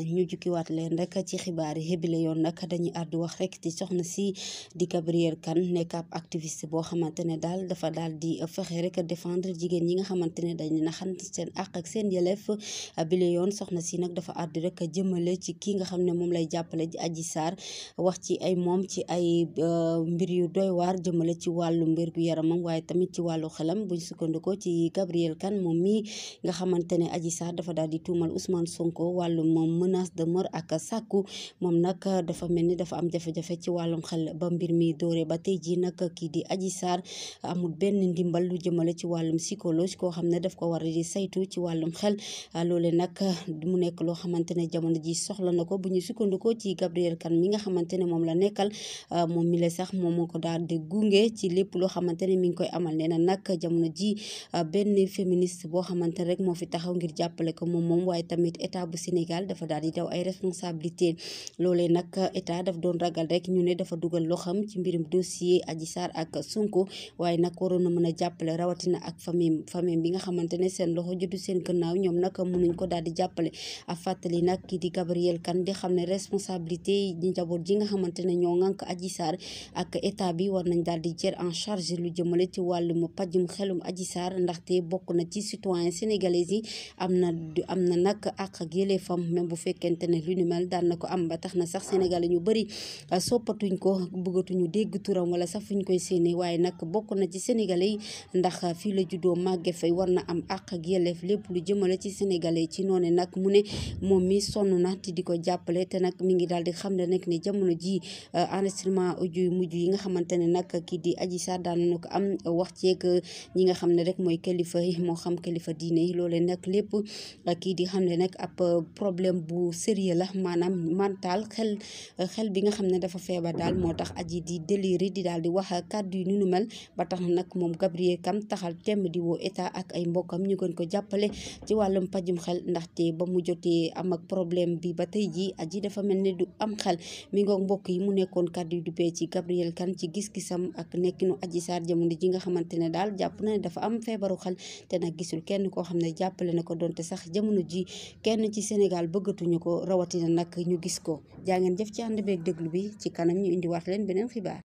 ñu jukkiwaat leen rek ci xibaar yi bi la yoon nag dañuy àddu wax rek ci soxna si di Gabrielle Kane nekk ab boo xamante ne daal dafa daal di fexe rek defendre jigéen ñi nga xamante ne dañ leen a xam seen àq ak seen yelef bile yoon soxna si nag dafa àddu rek jëmale ci ki nga xam ne moom lay jàppale ji Adji Sarr wax ci ay moom ci ay euh, mbir yu doy waar jëmale ci wàllu mbir gu yaramam waaye tamit ci wàllu xelam buñ sukkandikoo ci Gabrielle Kane moom mii nga menace de mort ak sàkku moom nag dafa mel ni dafa am jafe-jafe ci wàllum xel ba mbir mi dóore ba tey jii nag kii di aji Sarr amul benn ndimbal lu jëmale ci wàllum psychologue koo xam ne daf ko war a saytu ci wàllum xel loole nag mu nekk loo xamante ne jamono jii soxla na ko bu ñu sukkandikoo ci Gabriel kan mi nga xamante ne moom la nekkal moom mi la sax moom moo ko daal de gunge ci lépp loo xamante ne mi ngi koy amal nee na nag jamono jii benn féministe boo xamante ne rek moo fi taxaw ngir jàppale ko moom moom bu Sénégal daal di daw ay responsabilité loolee nag état daf doon ragal rek ñu ne dafa dugal loxam ci mbirum dossier Adji Sarr ak Sonko waaye nag waroon na mën a jàppale rawatina ak famille famille bi nga xamante ne seen loxo jotu seen gannaaw ñoom nag mënuñ ko daal di jàppale a fàttali nag kii di Gabriel Kane di xam ne responsabilité yi njaboot ji nga xamante ne ñoo ŋànk Adji Sarr ak état bi war nañ daal di jël en charge lu jëmale ci wàllum pajum xelum Adji Sarr ndaxte bokk na na am na nag ak bu fekkente ne lu ni mel daan na ko am ba tax na sax Sénégal ñu bëri ah, soppatuñ ko bëggatuñu dégg turam wala sax fuñ koy séenee waaye nag bokk na ci sénégalais yi ndax fii la juddoo màgge fay war na am àq ak yelleef lépp lu jëmale ci sénégalais ci noonu nag mu ne moom mi sonn na te di ko jàppale te nag mi ngi daal di xam ne nag ne jamono ji ah, enregistrement audio yu mujj yi nga xamante ne nag kii di Adji Sarr daan na ko am wax ceeg ah, ñi nga xam ne rek mooy kilifa yi moo xam kilifa diine yi loolee nag lépp kii di xam ne nag ab problème bu sérieux la maanaam mental xel xel bi nga xam ne dafa feebar daal moo tax aji di délire di daal di wax kàddu yu nu mel ba tax na nag moom Gabriel Kane taxal temm di woo état ak ay mbokkam ñu gën ko jàppale ci wàllum pajum xel ndaxte ba mu jotee am ak problème bi ba tey jii aji dafa mel ne du am xel mi mbokk yi mu nekkoon kàddu yu duppee ci Gabriel kan ci gis-gisam ak nekkinu aji saar jamono ji nga xamante ne daal jàpp na ne dafa am feebaru xel te nag gisul kenn koo xam ne jàppale na ko donte sax jamono ji kenn ci Sénégal bëgg bëggatuñu ko rawatina nag ñu gis ko jaa ngeen jëf ci ànd beeg déglu bi ci kanam ñu indiwaat leen beneen xibaar